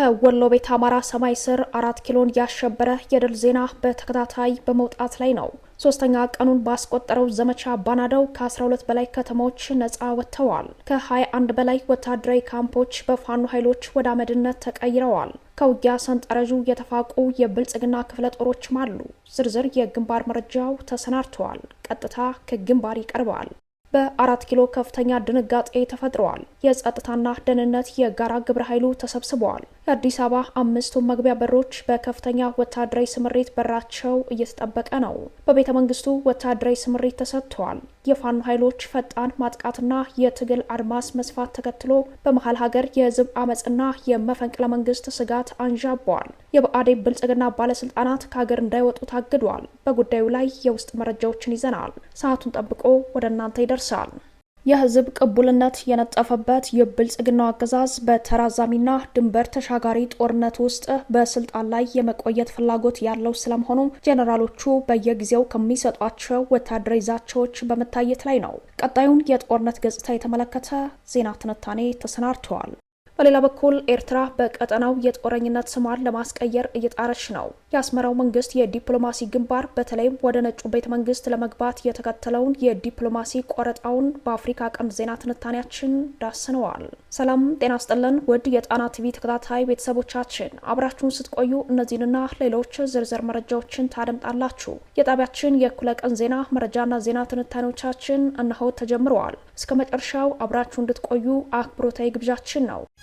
ከወሎ ቤት አማራ ሰማይ ስር አራት ኪሎን ያሸበረ የድል ዜና በተከታታይ በመውጣት ላይ ነው። ሶስተኛ ቀኑን ባስቆጠረው ዘመቻ ባናደው ከ12 በላይ ከተሞች ነጻ ወጥተዋል። ከ21 በላይ ወታደራዊ ካምፖች በፋኖ ኃይሎች ወደ አመድነት ተቀይረዋል። ከውጊያ ሰንጠረዡ የተፋቁ የብልጽግና ክፍለ ጦሮችም አሉ። ዝርዝር የግንባር መረጃው ተሰናድተዋል። ቀጥታ ከግንባር ይቀርበዋል። በአራት ኪሎ ከፍተኛ ድንጋጤ ተፈጥረዋል። የጸጥታና ደህንነት የጋራ ግብረ ኃይሉ ተሰብስበዋል። የአዲስ አበባ አምስቱም መግቢያ በሮች በከፍተኛ ወታደራዊ ስምሪት በራቸው እየተጠበቀ ነው። በቤተ መንግስቱ ወታደራዊ ስምሪት ተሰጥተዋል። የፋኖ ኃይሎች ፈጣን ማጥቃትና የትግል አድማስ መስፋት ተከትሎ በመሀል ሀገር የህዝብ አመፅና የመፈንቅለ መንግስት ስጋት አንዣቧል። የብአዴን ብልጽግና ባለስልጣናት ከሀገር እንዳይወጡ ታግዷል። በጉዳዩ ላይ የውስጥ መረጃዎችን ይዘናል። ሰዓቱን ጠብቆ ወደ እናንተ ይደርሳል። የህዝብ ቅቡልነት የነጠፈበት የብልጽግናው አገዛዝ በተራዛሚና ድንበር ተሻጋሪ ጦርነት ውስጥ በስልጣን ላይ የመቆየት ፍላጎት ያለው ስለመሆኑ ጄኔራሎቹ በየጊዜው ከሚሰጧቸው ወታደራዊ ዛቻዎች በመታየት ላይ ነው። ቀጣዩን የጦርነት ገጽታ የተመለከተ ዜና ትንታኔ ተሰናድተዋል። በሌላ በኩል ኤርትራ በቀጠናው የጦረኝነት ስሟን ለማስቀየር እየጣረች ነው። የአስመራው መንግስት የዲፕሎማሲ ግንባር በተለይም ወደ ነጩ ቤተ መንግስት ለመግባት የተከተለውን የዲፕሎማሲ ቆረጣውን በአፍሪካ ቀንድ ዜና ትንታኔያችን ዳስነዋል። ሰላም ጤና ስጥልን ውድ የጣና ቲቪ ተከታታይ ቤተሰቦቻችን አብራችሁን ስትቆዩ እነዚህንና ሌሎች ዝርዝር መረጃዎችን ታደምጣላችሁ። የጣቢያችን የእኩለ ቀን ዜና መረጃና ዜና ትንታኔዎቻችን እነሆ ተጀምረዋል። እስከ መጨረሻው አብራችሁ እንድትቆዩ አክብሮታዊ ግብዣችን ነው።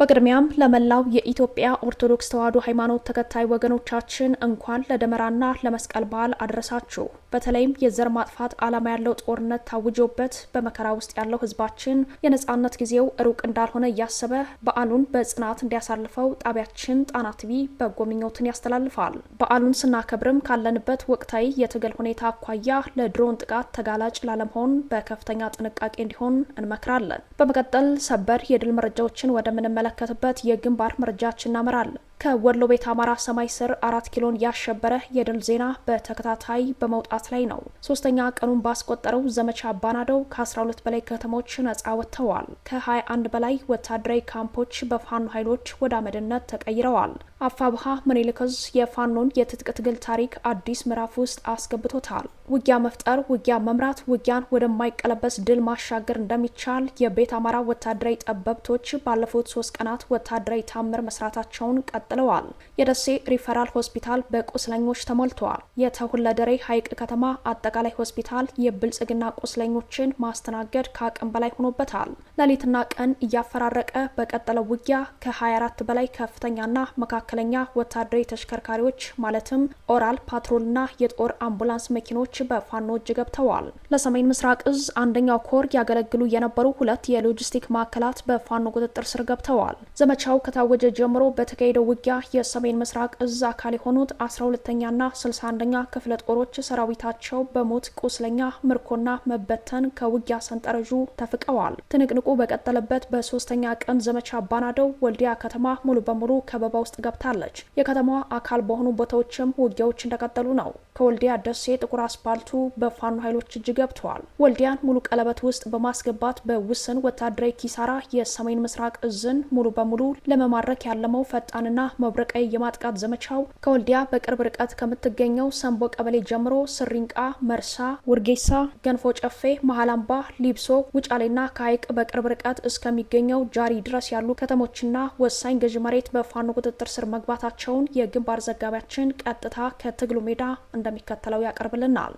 በቅድሚያም ለመላው የኢትዮጵያ ኦርቶዶክስ ተዋሕዶ ሃይማኖት ተከታይ ወገኖቻችን እንኳን ለደመራና ለመስቀል በዓል አድረሳችሁ። በተለይም የዘር ማጥፋት ዓላማ ያለው ጦርነት ታውጆበት በመከራ ውስጥ ያለው ሕዝባችን የነጻነት ጊዜው ሩቅ እንዳልሆነ እያሰበ በዓሉን በጽናት እንዲያሳልፈው ጣቢያችን ጣና ቲቪ በጎ ምኞትን ያስተላልፋል። በዓሉን ስናከብርም ካለንበት ወቅታዊ የትግል ሁኔታ አኳያ ለድሮን ጥቃት ተጋላጭ ላለመሆን በከፍተኛ ጥንቃቄ እንዲሆን እንመክራለን። በመቀጠል ሰበር የድል መረጃዎችን ወደ ምንመለ ወደምንመለከትበት የግንባር መረጃችን እናመራለን። ከወሎ ቤት አማራ ሰማይ ስር አራት ኪሎን ያሸበረ የድል ዜና በተከታታይ በመውጣት ላይ ነው። ሶስተኛ ቀኑን ባስቆጠረው ዘመቻ ባናደው ከ12 በላይ ከተሞች ነጻ ወጥተዋል። ከ21 በላይ ወታደራዊ ካምፖች በፋኖ ኃይሎች ወደ አመድነት ተቀይረዋል። አፋብሃ ምኒልክ የፋኖን የትጥቅ ትግል ታሪክ አዲስ ምዕራፍ ውስጥ አስገብቶታል። ውጊያ መፍጠር፣ ውጊያ መምራት፣ ውጊያን ወደማይቀለበስ ድል ማሻገር እንደሚቻል የቤት አማራ ወታደራዊ ጠበብቶች ባለፉት ሶስት ቀናት ወታደራዊ ታምር መስራታቸውን ቀጥ ቀጥለዋል። የደሴ ሪፈራል ሆስፒታል በቁስለኞች ተሞልተዋል። የተሁለደሬ ሐይቅ ከተማ አጠቃላይ ሆስፒታል የብልጽግና ቁስለኞችን ማስተናገድ ከአቅም በላይ ሆኖበታል። ሌሊትና ቀን እያፈራረቀ በቀጠለው ውጊያ ከ24 በላይ ከፍተኛና መካከለኛ ወታደራዊ ተሽከርካሪዎች ማለትም ኦራል ፓትሮልና የጦር አምቡላንስ መኪኖች በፋኖ እጅ ገብተዋል። ለሰሜን ምስራቅ እዝ አንደኛው ኮር ያገለግሉ የነበሩ ሁለት የሎጂስቲክ ማዕከላት በፋኖ ቁጥጥር ስር ገብተዋል። ዘመቻው ከታወጀ ጀምሮ በተካሄደው ውጊያ የሰሜን ምስራቅ እዝ አካል የሆኑት 12ኛና 61ኛ ክፍለ ጦሮች ሰራዊታቸው በሞት ቁስለኛ፣ ምርኮና መበተን ከውጊያ ሰንጠረዡ ተፍቀዋል። ትንቅንቁ በቀጠለበት በሶስተኛ ቀን ዘመቻ ባናደው ወልዲያ ከተማ ሙሉ በሙሉ ከበባ ውስጥ ገብታለች። የከተማዋ አካል በሆኑ ቦታዎችም ውጊያዎች እንደቀጠሉ ነው። ከወልዲያ ደሴ ጥቁር አስፓልቱ በፋኖ ኃይሎች እጅ ገብተዋል። ወልዲያን ሙሉ ቀለበት ውስጥ በማስገባት በውስን ወታደራዊ ኪሳራ የሰሜን ምስራቅ እዝን ሙሉ በሙሉ ለመማረክ ያለመው ፈጣንና መብረቀይ የማጥቃት ዘመቻው ከወልዲያ በቅርብ ርቀት ከምትገኘው ሰንቦ ቀበሌ ጀምሮ ስሪንቃ፣ መርሳ፣ ውርጌሳ፣ ገንፎ ጨፌ፣ መሀላምባ፣ ሊብሶ፣ ውጫሌና ከሀይቅ በቅርብ ርቀት እስከሚገኘው ጃሪ ድረስ ያሉ ከተሞችና ወሳኝ ገዢ መሬት በፋኖ ቁጥጥር ስር መግባታቸውን የግንባር ዘጋቢያችን ቀጥታ ከትግሉ ሜዳ እንደሚከተለው ያቀርብልናል።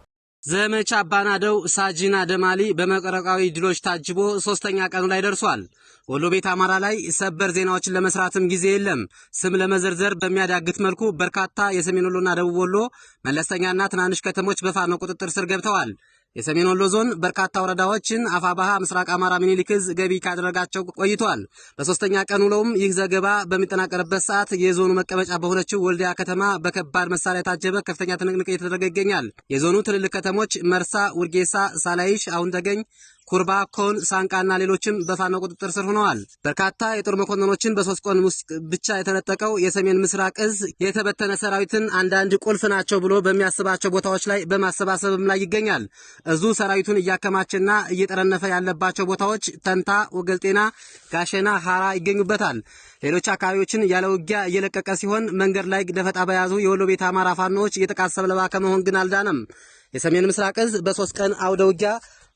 ዘመቻ አባናደው ሳጂና ደማሊ በመቀረቃዊ ድሎች ታጅቦ ሶስተኛ ቀኑ ላይ ደርሷል። ወሎ ቤት አማራ ላይ ሰበር ዜናዎችን ለመስራትም ጊዜ የለም። ስም ለመዘርዘር በሚያዳግት መልኩ በርካታ የሰሜን ወሎና ደቡብ ወሎ መለስተኛና ትናንሽ ከተሞች በፋኖ ቁጥጥር ስር ገብተዋል። የሰሜን ወሎ ዞን በርካታ ወረዳዎችን አፋባሃ ምስራቅ አማራ ሚኒሊክዝ ገቢ ካደረጋቸው ቆይቷል። በሶስተኛ ቀን ውለውም ይህ ዘገባ በሚጠናቀርበት ሰዓት የዞኑ መቀመጫ በሆነችው ወልዲያ ከተማ በከባድ መሳሪያ የታጀበ ከፍተኛ ትንቅንቅ እየተደረገ ይገኛል። የዞኑ ትልልቅ ከተሞች መርሳ፣ ውርጌሳ፣ ሳላይሽ፣ አሁን ተገኝ፣ ኩርባ፣ ኮን፣ ሳንቃና ሌሎችም በፋኖ ቁጥጥር ስር ሆነዋል። በርካታ የጦር መኮንኖችን በሶስት ቀን ውስጥ ብቻ የተነጠቀው የሰሜን ምስራቅ እዝ የተበተነ ሰራዊትን አንዳንድ ቁልፍ ናቸው ብሎ በሚያስባቸው ቦታዎች ላይ በማሰባሰብም ላይ ይገኛል። እዙ ሰራዊቱን እያከማችና እየጠረነፈ ያለባቸው ቦታዎች ተንታ፣ ወገልጤና፣ ጋሸና፣ ሀራ ይገኙበታል። ሌሎች አካባቢዎችን ያለ ውጊያ እየለቀቀ ሲሆን መንገድ ላይ ደፈጣ በያዙ የወሎ ቤት አማራ ፋኖዎች እየተቃሰበ ለባ ከመሆን ግን አልዳነም። የሰሜን ምስራቅ እዝ በሶስት ቀን አውደ ውጊያ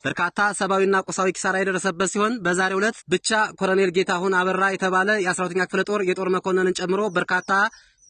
በርካታ ሰብአዊና ቁሳዊ ኪሳራ የደረሰበት ሲሆን በዛሬው ዕለት ብቻ ኮሎኔል ጌታሁን አበራ የተባለ የ12ኛ ክፍለ ጦር የጦር መኮንንን ጨምሮ በርካታ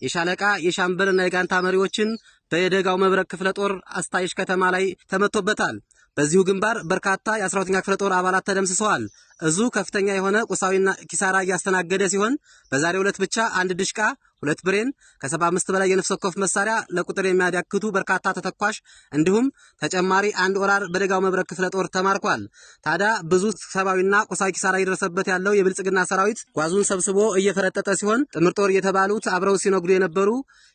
የሻለቃ የሻምበልና የጋንታ መሪዎችን በየደጋው መብረቅ ክፍለ ጦር አስታይሽ ከተማ ላይ ተመቶበታል። በዚሁ ግንባር በርካታ የ12ኛ ክፍለ ጦር አባላት ተደምስሰዋል። እዙ ከፍተኛ የሆነ ቁሳዊና ኪሳራ እያስተናገደ ሲሆን በዛሬው ዕለት ብቻ አንድ ድሽቃ ሁለት ብሬን ከ75 በላይ የነፍስ ወከፍ መሳሪያ ለቁጥር የሚያዳክቱ በርካታ ተተኳሽ እንዲሁም ተጨማሪ አንድ ወራር በደጋው መብረቅ ክፍለ ጦር ተማርኳል። ታዲያ ብዙ ሰብአዊና ቁሳዊ ኪሳራ የደረሰበት ያለው የብልጽግና ሰራዊት ጓዙን ሰብስቦ እየፈረጠጠ ሲሆን ጥምር ጦር የተባሉት አብረው ሲነጉዱ የነበሩ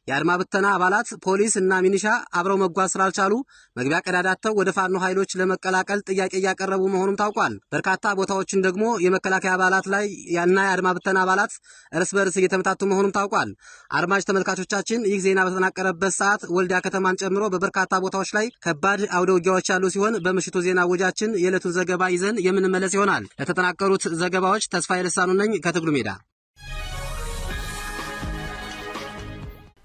የአድማ ብተና አባላት ፖሊስ እና ሚኒሻ አብረው መጓዝ ስላልቻሉ መግቢያ ቀዳዳተው ወደ ፋኖ ኃይሎች ለመቀላቀል ጥያቄ እያቀረቡ መሆኑም ታውቋል። በርካታ ቦታዎችን ደግሞ የመከላከያ አባላት ላይ እና የአድማ ብተና አባላት እርስ በርስ እየተመታቱ መሆኑም ታውቋል። አድማጭ ተመልካቾቻችን ይህ ዜና በተጠናቀረበት ሰዓት ወልዲያ ከተማን ጨምሮ በበርካታ ቦታዎች ላይ ከባድ አውደ ውጊያዎች ያሉ ሲሆን በምሽቱ ዜና ወጃችን የዕለቱን ዘገባ ይዘን የምንመለስ ይሆናል። ለተጠናቀሩት ዘገባዎች ተስፋ የልሳኑ ነኝ ከትግሉ ሜዳ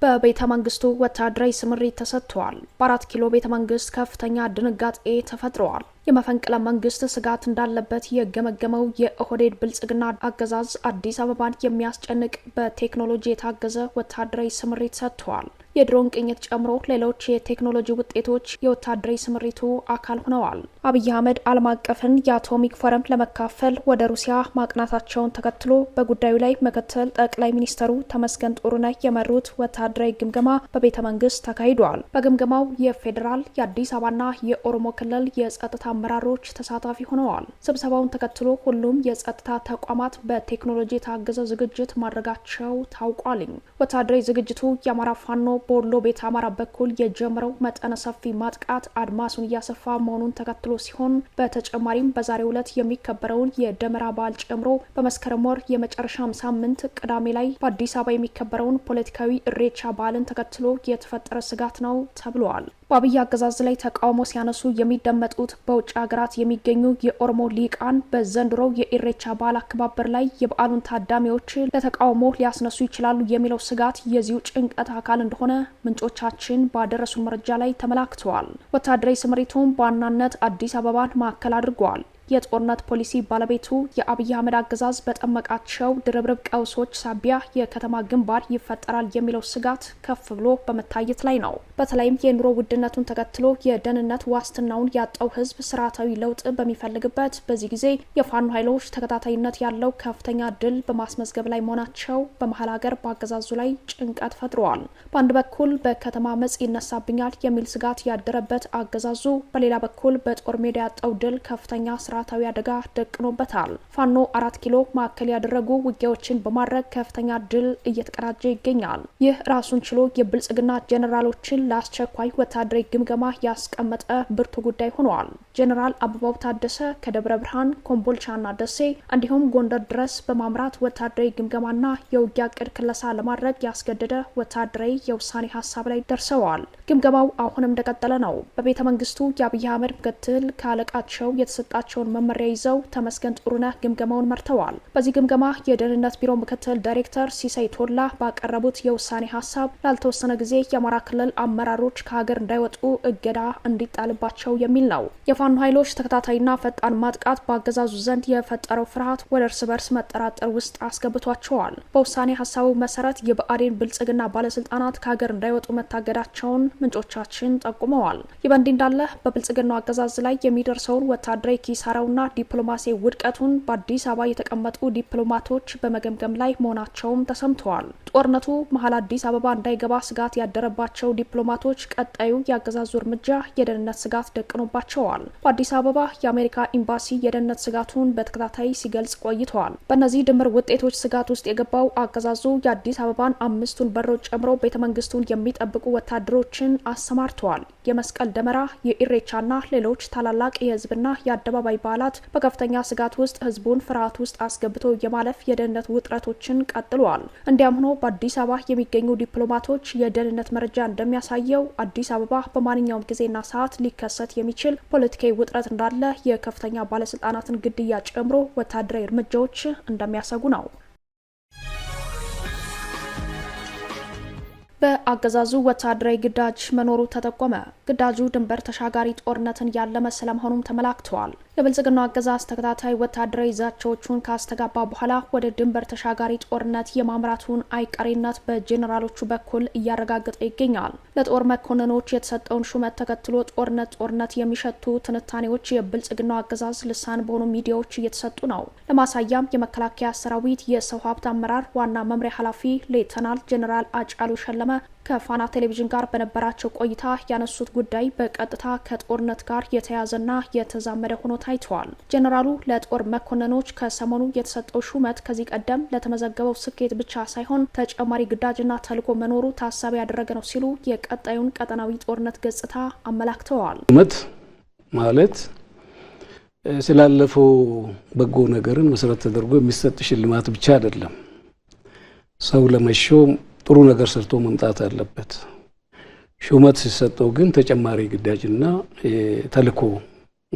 በቤተ መንግስቱ ወታደራዊ ስምሪት ተሰጥቷል። በአራት ኪሎ ቤተ መንግስት ከፍተኛ ድንጋጤ ተፈጥረዋል። የመፈንቅለ መንግስት ስጋት እንዳለበት የገመገመው የኦህዴድ ብልጽግና አገዛዝ አዲስ አበባን የሚያስጨንቅ በቴክኖሎጂ የታገዘ ወታደራዊ ስምሪት ሰጥተዋል። የድሮን ቅኝት ጨምሮ ሌሎች የቴክኖሎጂ ውጤቶች የወታደራዊ ስምሪቱ አካል ሆነዋል። አብይ አህመድ ዓለም አቀፍን የአቶሚክ ፎረም ለመካፈል ወደ ሩሲያ ማቅናታቸውን ተከትሎ በጉዳዩ ላይ ምክትል ጠቅላይ ሚኒስትሩ ተመስገን ጥሩነህ የመሩት ወታደራዊ ግምገማ በቤተ መንግስት ተካሂዷል። በግምገማው የፌዴራል የአዲስ አበባና የኦሮሞ ክልል የጸጥታ አመራሮች ተሳታፊ ሆነዋል። ስብሰባውን ተከትሎ ሁሉም የጸጥታ ተቋማት በቴክኖሎጂ የታገዘ ዝግጅት ማድረጋቸው ታውቋል። ወታደራዊ ዝግጅቱ የአማራ ፋኖ በወሎ ቤት አማራ በኩል የጀመረው መጠነ ሰፊ ማጥቃት አድማሱን እያሰፋ መሆኑን ተከትሎ ሲሆን በተጨማሪም በዛሬው ዕለት የሚከበረውን የደመራ በዓል ጨምሮ በመስከረም ወር የመጨረሻም ሳምንት ቅዳሜ ላይ በአዲስ አበባ የሚከበረውን ፖለቲካዊ እሬቻ በዓልን ተከትሎ የተፈጠረ ስጋት ነው ተብለዋል። በአብይ አገዛዝ ላይ ተቃውሞ ሲያነሱ የሚደመጡት በውጭ ሀገራት የሚገኙ የኦሮሞ ሊቃን በዘንድሮው የኢሬቻ በዓል አከባበር ላይ የበዓሉን ታዳሚዎች ለተቃውሞ ሊያስነሱ ይችላሉ የሚለው ስጋት የዚሁ ጭንቀት አካል እንደሆነ ምንጮቻችን ባደረሱን መረጃ ላይ ተመላክተዋል። ወታደራዊ ስምሪቱም በዋናነት አዲስ አበባን ማዕከል አድርገዋል። የጦርነት ፖሊሲ ባለቤቱ የአብይ አህመድ አገዛዝ በጠመቃቸው ድርብርብ ቀውሶች ሳቢያ የከተማ ግንባር ይፈጠራል የሚለው ስጋት ከፍ ብሎ በመታየት ላይ ነው። በተለይም የኑሮ ውድነቱን ተከትሎ የደህንነት ዋስትናውን ያጣው ሕዝብ ስርዓታዊ ለውጥ በሚፈልግበት በዚህ ጊዜ የፋኖ ኃይሎች ተከታታይነት ያለው ከፍተኛ ድል በማስመዝገብ ላይ መሆናቸው በመሀል ሀገር በአገዛዙ ላይ ጭንቀት ፈጥረዋል። በአንድ በኩል በከተማ መጽ ይነሳብኛል የሚል ስጋት ያደረበት አገዛዙ፣ በሌላ በኩል በጦር ሜዳ ያጣው ድል ከፍተኛ ስራ ስርዓታዊ አደጋ ደቅኖበታል። ፋኖ አራት ኪሎ ማዕከል ያደረጉ ውጊያዎችን በማድረግ ከፍተኛ ድል እየተቀዳጀ ይገኛል። ይህ ራሱን ችሎ የብልጽግና ጀኔራሎችን ለአስቸኳይ ወታደራዊ ግምገማ ያስቀመጠ ብርቱ ጉዳይ ሆኗል። ጀኔራል አበባው ታደሰ ከደብረ ብርሃን፣ ኮምቦልቻና ደሴ እንዲሁም ጎንደር ድረስ በማምራት ወታደራዊ ግምገማና የውጊያ ቅድ ክለሳ ለማድረግ ያስገደደ ወታደራዊ የውሳኔ ሀሳብ ላይ ደርሰዋል። ግምገማው አሁንም እንደቀጠለ ነው። በቤተ መንግስቱ የአብይ አህመድ ምክትል ከአለቃቸው የተሰጣቸው ያላቸውን መመሪያ ይዘው ተመስገን ጥሩነህ ግምገማውን መርተዋል። በዚህ ግምገማ የደህንነት ቢሮ ምክትል ዳይሬክተር ሲሳይ ቶላ ባቀረቡት የውሳኔ ሀሳብ ላልተወሰነ ጊዜ የአማራ ክልል አመራሮች ከሀገር እንዳይወጡ እገዳ እንዲጣልባቸው የሚል ነው። የፋኖ ኃይሎች ተከታታይና ፈጣን ማጥቃት በአገዛዙ ዘንድ የፈጠረው ፍርሃት ወደ እርስ በርስ መጠራጠር ውስጥ አስገብቷቸዋል። በውሳኔ ሀሳቡ መሰረት የብአዴን ብልጽግና ባለስልጣናት ከሀገር እንዳይወጡ መታገዳቸውን ምንጮቻችን ጠቁመዋል። ይህ በእንዲህ እንዳለ በብልጽግናው አገዛዝ ላይ የሚደርሰውን ወታደራዊ ኪስ ። የመጀመሪያውና ዲፕሎማሲ ውድቀቱን በአዲስ አበባ የተቀመጡ ዲፕሎማቶች በመገምገም ላይ መሆናቸውም ተሰምተዋል። ጦርነቱ መሀል አዲስ አበባ እንዳይገባ ስጋት ያደረባቸው ዲፕሎማቶች ቀጣዩ የአገዛዙ እርምጃ የደህንነት ስጋት ደቅኖባቸዋል። በአዲስ አበባ የአሜሪካ ኤምባሲ የደህንነት ስጋቱን በተከታታይ ሲገልጽ ቆይተዋል። በእነዚህ ድምር ውጤቶች ስጋት ውስጥ የገባው አገዛዙ የአዲስ አበባን አምስቱን በሮች ጨምሮ ቤተ መንግስቱን የሚጠብቁ ወታደሮችን አሰማርተዋል። የመስቀል ደመራ፣ የኢሬቻና ሌሎች ታላላቅ የህዝብና የአደባባይ አባላት በከፍተኛ ስጋት ውስጥ ህዝቡን ፍርሃት ውስጥ አስገብቶ የማለፍ የደህንነት ውጥረቶችን ቀጥለዋል። እንዲያም ሆኖ በአዲስ አበባ የሚገኙ ዲፕሎማቶች የደህንነት መረጃ እንደሚያሳየው አዲስ አበባ በማንኛውም ጊዜና ሰዓት ሊከሰት የሚችል ፖለቲካዊ ውጥረት እንዳለ የከፍተኛ ባለስልጣናትን ግድያ ጨምሮ ወታደራዊ እርምጃዎች እንደሚያሰጉ ነው። በአገዛዙ ወታደራዊ ግዳጅ መኖሩ ተጠቆመ። ግዳጁ ድንበር ተሻጋሪ ጦርነትን ያለመ ስለመሆኑም ተመላክተዋል። የብልጽግናው አገዛዝ ተከታታይ ወታደራዊ ዛቻዎቹን ካስተጋባ በኋላ ወደ ድንበር ተሻጋሪ ጦርነት የማምራቱን አይቀሬነት በጄኔራሎቹ በኩል እያረጋገጠ ይገኛል። ለጦር መኮንኖች የተሰጠውን ሹመት ተከትሎ ጦርነት ጦርነት የሚሸቱ ትንታኔዎች የብልጽግናው አገዛዝ ልሳን በሆኑ ሚዲያዎች እየተሰጡ ነው። ለማሳያም የመከላከያ ሰራዊት የሰው ሀብት አመራር ዋና መምሪያ ኃላፊ ሌተናል ጄኔራል አጫሉ ሸለመ ከፋና ቴሌቪዥን ጋር በነበራቸው ቆይታ ያነሱት ጉዳይ በቀጥታ ከጦርነት ጋር የተያያዘና የተዛመደ ሆኖ ታይተዋል። ጀኔራሉ ለጦር መኮንኖች ከሰሞኑ የተሰጠው ሹመት ከዚህ ቀደም ለተመዘገበው ስኬት ብቻ ሳይሆን ተጨማሪ ግዳጅና ተልዕኮ መኖሩ ታሳቢ ያደረገ ነው ሲሉ የቀጣዩን ቀጠናዊ ጦርነት ገጽታ አመላክተዋል። ሹመት ማለት ስላለፈው በጎ ነገርን መሰረት ተደርጎ የሚሰጥ ሽልማት ብቻ አይደለም። ሰው ለመሾም ጥሩ ነገር ሰርቶ መምጣት አለበት። ሹመት ሲሰጠው ግን ተጨማሪ ግዳጅና ተልዕኮ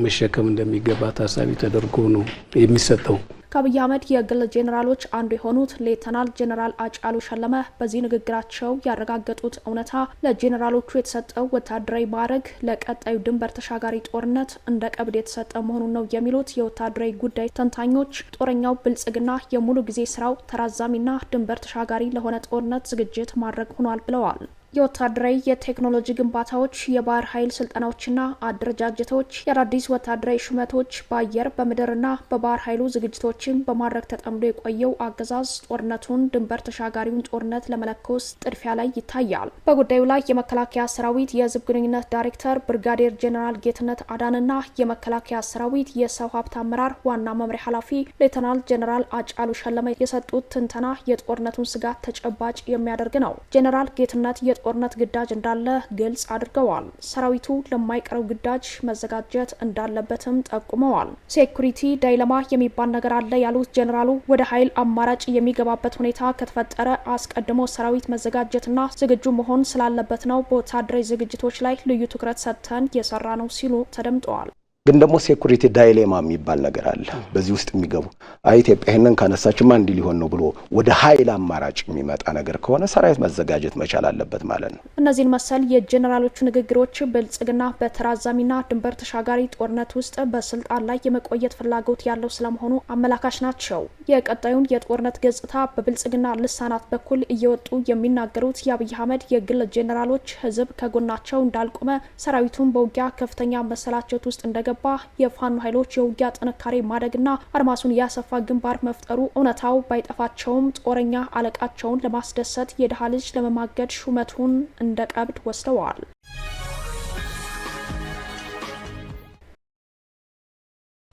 መሸከም እንደሚገባ ታሳቢ ተደርጎ ነው የሚሰጠው። ከአብይ አህመድ የግል ጄኔራሎች አንዱ የሆኑት ሌተናል ጄኔራል አጫሉ ሸለመ በዚህ ንግግራቸው ያረጋገጡት እውነታ ለጄኔራሎቹ የተሰጠው ወታደራዊ ማዕረግ ለቀጣዩ ድንበር ተሻጋሪ ጦርነት እንደ ቀብድ የተሰጠ መሆኑን ነው የሚሉት የወታደራዊ ጉዳይ ተንታኞች። ጦረኛው ብልጽግና የሙሉ ጊዜ ስራው ተራዛሚና ድንበር ተሻጋሪ ለሆነ ጦርነት ዝግጅት ማድረግ ሆኗል ብለዋል። የወታደራዊ የቴክኖሎጂ ግንባታዎች፣ የባህር ኃይል ስልጠናዎችና አደረጃጀቶች፣ የአዳዲስ ወታደራዊ ሹመቶች፣ በአየር በምድርና በባህር ኃይሉ ዝግጅቶችን በማድረግ ተጠምዶ የቆየው አገዛዝ ጦርነቱን ድንበር ተሻጋሪውን ጦርነት ለመለኮስ ጥድፊያ ላይ ይታያል። በጉዳዩ ላይ የመከላከያ ሰራዊት የህዝብ ግንኙነት ዳይሬክተር ብርጋዴር ጄኔራል ጌትነት አዳንና የመከላከያ ሰራዊት የሰው ሀብት አመራር ዋና መምሪያ ኃላፊ ሌተናል ጄኔራል አጫሉ ሸለመ የሰጡት ትንተና የጦርነቱን ስጋት ተጨባጭ የሚያደርግ ነው። ጄኔራል ጌትነት የጦርነት ግዳጅ እንዳለ ግልጽ አድርገዋል። ሰራዊቱ ለማይቀረው ግዳጅ መዘጋጀት እንዳለበትም ጠቁመዋል። ሴኩሪቲ ዳይለማ የሚባል ነገር አለ ያሉት ጄኔራሉ ወደ ኃይል አማራጭ የሚገባበት ሁኔታ ከተፈጠረ አስቀድሞ ሰራዊት መዘጋጀትና ዝግጁ መሆን ስላለበት ነው። በወታደራዊ ዝግጅቶች ላይ ልዩ ትኩረት ሰጥተን የሰራ ነው ሲሉ ተደምጠዋል። ግን ደግሞ ሴኩሪቲ ዳይሌማ የሚባል ነገር አለ። በዚህ ውስጥ የሚገቡ አይ ኢትዮጵያ ይህንን ካነሳችማ እንዲህ ሊሆን ነው ብሎ ወደ ኃይል አማራጭ የሚመጣ ነገር ከሆነ ሰራዊት መዘጋጀት መቻል አለበት ማለት ነው። እነዚህን መሰል የጀኔራሎቹ ንግግሮች ብልጽግና በተራዛሚና ድንበር ተሻጋሪ ጦርነት ውስጥ በስልጣን ላይ የመቆየት ፍላጎት ያለው ስለመሆኑ አመላካሽ ናቸው። የቀጣዩን የጦርነት ገጽታ በብልጽግና ልሳናት በኩል እየወጡ የሚናገሩት የአብይ አህመድ የግል ጄኔራሎች ህዝብ ከጎናቸው እንዳልቆመ ሰራዊቱን በውጊያ ከፍተኛ መሰላቸት ውስጥ እንደገ ሲገባ የፋኖ ኃይሎች የውጊያ ጥንካሬ ማደግና አድማሱን ያሰፋ ግንባር መፍጠሩ እውነታው ባይጠፋቸውም ጦረኛ አለቃቸውን ለማስደሰት የድሃ ልጅ ለመማገድ ሹመቱን እንደ ቀብድ ወስደዋል።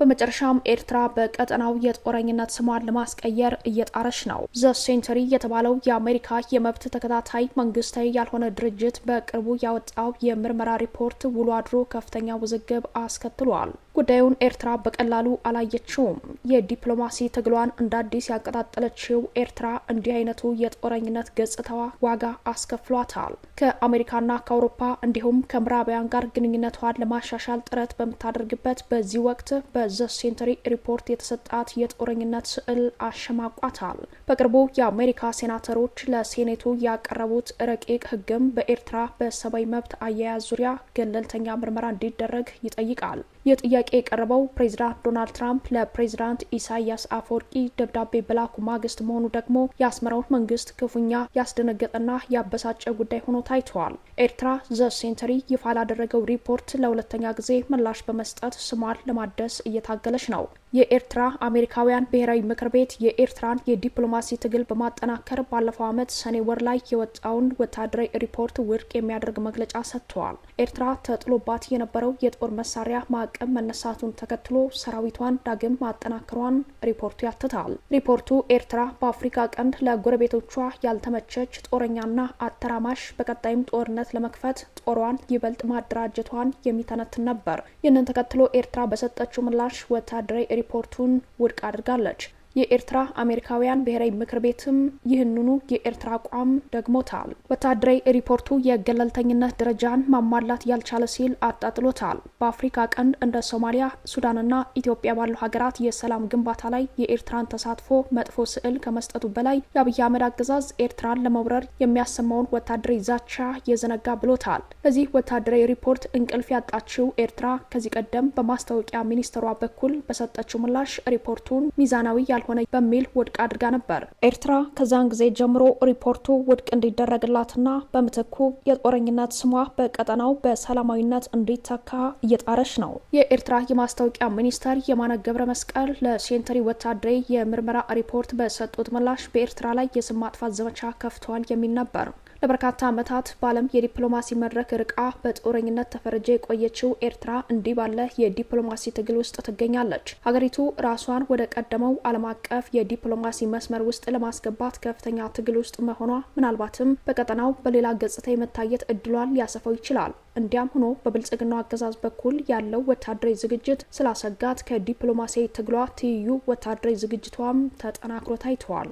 በመጨረሻም ኤርትራ በቀጠናው የጦረኝነት ስሟን ለማስቀየር እየጣረች ነው። ዘ ሴንቸሪ የተባለው የአሜሪካ የመብት ተከታታይ መንግስታዊ ያልሆነ ድርጅት በቅርቡ ያወጣው የምርመራ ሪፖርት ውሎ አድሮ ከፍተኛ ውዝግብ አስከትሏል። ጉዳዩን ኤርትራ በቀላሉ አላየችውም። የዲፕሎማሲ ትግሏን እንደ አዲስ ያቀጣጠለችው ኤርትራ እንዲህ አይነቱ የጦረኝነት ገጽታዋ ዋጋ አስከፍሏታል። ከአሜሪካና ከአውሮፓ እንዲሁም ከምዕራባውያን ጋር ግንኙነቷን ለማሻሻል ጥረት በምታደርግበት በዚህ ወቅት በዘ ሴንተሪ ሪፖርት የተሰጣት የጦረኝነት ስዕል አሸማቋታል። በቅርቡ የአሜሪካ ሴናተሮች ለሴኔቱ ያቀረቡት ረቂቅ ሕግም በኤርትራ በሰብአዊ መብት አያያዝ ዙሪያ ገለልተኛ ምርመራ እንዲደረግ ይጠይቃል። ይህ ጥያቄ የቀረበው ፕሬዚዳንት ዶናልድ ትራምፕ ለፕሬዚዳንት ኢሳያስ አፈወርቂ ደብዳቤ በላኩ ማግስት መሆኑ ደግሞ የአስመራውን መንግስት ክፉኛ ያስደነገጠና ያበሳጨ ጉዳይ ሆኖ ታይተዋል። ኤርትራ ዘ ሴንተሪ ይፋ ላደረገው ሪፖርት ለሁለተኛ ጊዜ ምላሽ በመስጠት ስሟን ለማደስ እየታገለች ነው። የኤርትራ አሜሪካውያን ብሔራዊ ምክር ቤት የኤርትራን የዲፕሎማሲ ትግል በማጠናከር ባለፈው ዓመት ሰኔ ወር ላይ የወጣውን ወታደራዊ ሪፖርት ውድቅ የሚያደርግ መግለጫ ሰጥተዋል። ኤርትራ ተጥሎባት የነበረው የጦር መሳሪያ ማዕቀብ ቀን መነሳቱን ተከትሎ ሰራዊቷን ዳግም ማጠናከሯን ሪፖርቱ ያትታል። ሪፖርቱ ኤርትራ በአፍሪካ ቀንድ ለጎረቤቶቿ ያልተመቸች ጦረኛና አተራማሽ፣ በቀጣይም ጦርነት ለመክፈት ጦሯን ይበልጥ ማደራጀቷን የሚተነትን ነበር። ይህንን ተከትሎ ኤርትራ በሰጠችው ምላሽ ወታደራዊ ሪፖርቱን ውድቅ አድርጋለች። የኤርትራ አሜሪካውያን ብሔራዊ ምክር ቤትም ይህንኑ የኤርትራ አቋም ደግሞታል። ወታደራዊ ሪፖርቱ የገለልተኝነት ደረጃን ማሟላት ያልቻለ ሲል አጣጥሎታል። በአፍሪካ ቀንድ እንደ ሶማሊያ፣ ሱዳንና ኢትዮጵያ ባሉ ሀገራት የሰላም ግንባታ ላይ የኤርትራን ተሳትፎ መጥፎ ስዕል ከመስጠቱ በላይ የአብይ አህመድ አገዛዝ ኤርትራን ለመውረር የሚያሰማውን ወታደራዊ ዛቻ የዘነጋ ብሎታል። በዚህ ወታደራዊ ሪፖርት እንቅልፍ ያጣችው ኤርትራ ከዚህ ቀደም በማስታወቂያ ሚኒስትሯ በኩል በሰጠችው ምላሽ ሪፖርቱን ሚዛናዊ ያል ሆነ በሚል ውድቅ አድርጋ ነበር። ኤርትራ ከዛን ጊዜ ጀምሮ ሪፖርቱ ውድቅ እንዲደረግላትና በምትኩ የጦረኝነት ስሟ በቀጠናው በሰላማዊነት እንዲተካ እየጣረች ነው። የኤርትራ የማስታወቂያ ሚኒስተር የማነ ገብረ መስቀል ለሴንተሪ ወታደራዊ የምርመራ ሪፖርት በሰጡት ምላሽ በኤርትራ ላይ የስም ማጥፋት ዘመቻ ከፍተዋል የሚል ነበር። ለበርካታ ዓመታት በዓለም የዲፕሎማሲ መድረክ ርቃ በጦረኝነት ተፈረጀ የቆየችው ኤርትራ እንዲህ ባለ የዲፕሎማሲ ትግል ውስጥ ትገኛለች። ሀገሪቱ ራሷን ወደ ቀደመው ዓለም አቀፍ የዲፕሎማሲ መስመር ውስጥ ለማስገባት ከፍተኛ ትግል ውስጥ መሆኗ ምናልባትም በቀጠናው በሌላ ገጽታ የመታየት እድሏን ሊያሰፈው ይችላል። እንዲያም ሆኖ በብልጽግናው አገዛዝ በኩል ያለው ወታደራዊ ዝግጅት ስላሰጋት ከዲፕሎማሲያዊ ትግሏ ትይዩ ወታደራዊ ዝግጅቷም ተጠናክሮ ታይተዋል።